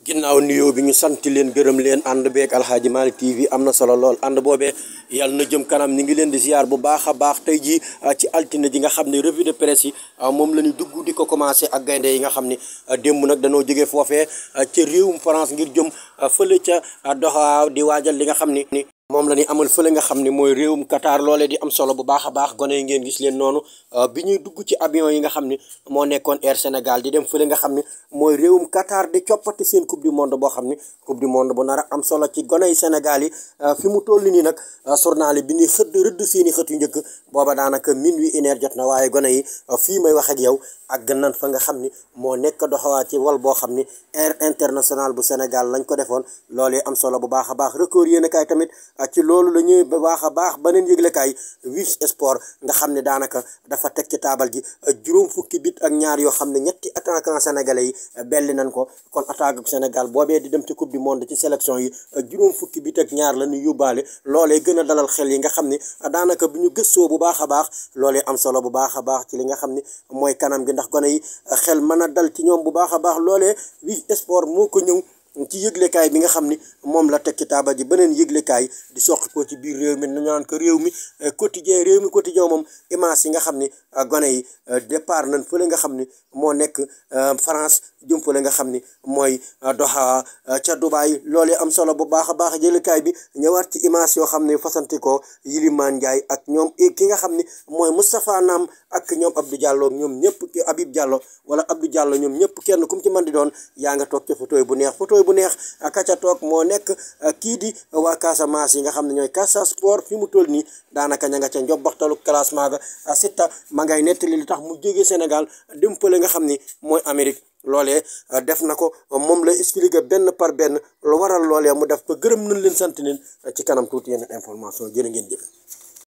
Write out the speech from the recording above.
ginnaaw nuyoo bi ñu santi leen gërëm leen ànd beeg alxaaji Malick TV am na solo lool ànd boobee yàlla na jëm kanam ñu ngi leen di ziar bu baax a baax tey jii ah, ci altine ji nga xam ne revue de presse yi ah, moom la ñu dugg di ko commencé ak gaynde yi nga xam ne ah, démb nag danoo jógee foofee ca réewum France ngir jëm fële ca Doha di waajal li nga xam ni moom la ñuy amal fële nga xam ni mooy réewum Qatar loole di am solo bu baax a baax gone yi ngeen gis leen noonu euh, bi ñuy dugg ci abion yi nga xam ni moo nekkoon Air Sénégal di dem fële nga xam ne mooy réewum Qatar di coppati seen coupe du monde boo xam ne coupe du monde bu nar a am solo ci gone yi Sénégal yi euh, fi mu toll nii nag euh, journal yi bi ñuy xëdd rëdd seen i xët yu njëkk booba daanaka miin wi heure jot na waaye gone yi fii may wax ak yow ak gënnan fa nga xam ni moo nekk doxawaa ci wal boo xam ni Air International bu Sénégal lañ ko defoon loolee am solo bu baax a baax record yéen a tamit ci loolu la ñuy baax a baax ba beneen yëglekaay wis sport nga xam ne daanaka dafa teg ci taabal ji juróom fukki bit ak ñaar yoo xam ne ñetti attaquant sénégalais yi belli nañ ko kon attaque Sénégal boobee di dem ci coupe du monde ci sélection yi juróom fukki bit ak ñaar la ñu yóbbaale loolee gën a dalal xel yi nga xam ne daanaka bu ñu gëstoo bu baax a baax loolee am solo bu baax a baax ci li nga xam ne mooy kanam gi ndax gone yi xel mën a dal ci ñoom bu baax a baax loolee wis sport moo ñëw ci yëglekaay bi nga xam ni moom la teg ci taabal ji beneen yëglekaay di soqi ko ci biir réew mi ñu naan ko réew mi euh, quotidien réew mi quotidien moom image yi nga xam ni euh, gone yi euh, départ nañ fële nga xam ni moo nekk France jëm fële nga xam ni mooy Doha ca Dubaay loolee am solo bu baax a baax yëglekaay bi ñëwaat ci image yoo xam ne fasanti ko Yilimaan Ndiaye ak ñoom eh, ki nga xam ni mooy Moustapha Naam ak ñoom Abdou jàlloo ñoom ñëpp Habib Diallo wala Abdou Diallo ñoom ñëpp kenn ku ci mën di doon yaa nga toog ca photo bu neex photo mooy bu neex kaca toog moo nekk eh, kii di waa Casamance yi nga xam ne ñooy Casa Sport fi mu toll nii daanaka ña nga ca njobbaxtalu classement ga eh, sitta ma ngay nettali li tax mu jógee Sénégal dem fële nga xam ni mooy Amérique loolee eh, def na ko moom la expliqué benn par benn lu waral loolee mu def ba gërëm nañ leen sant leen ci kanam tuuti yenn information jërë ngeen jëf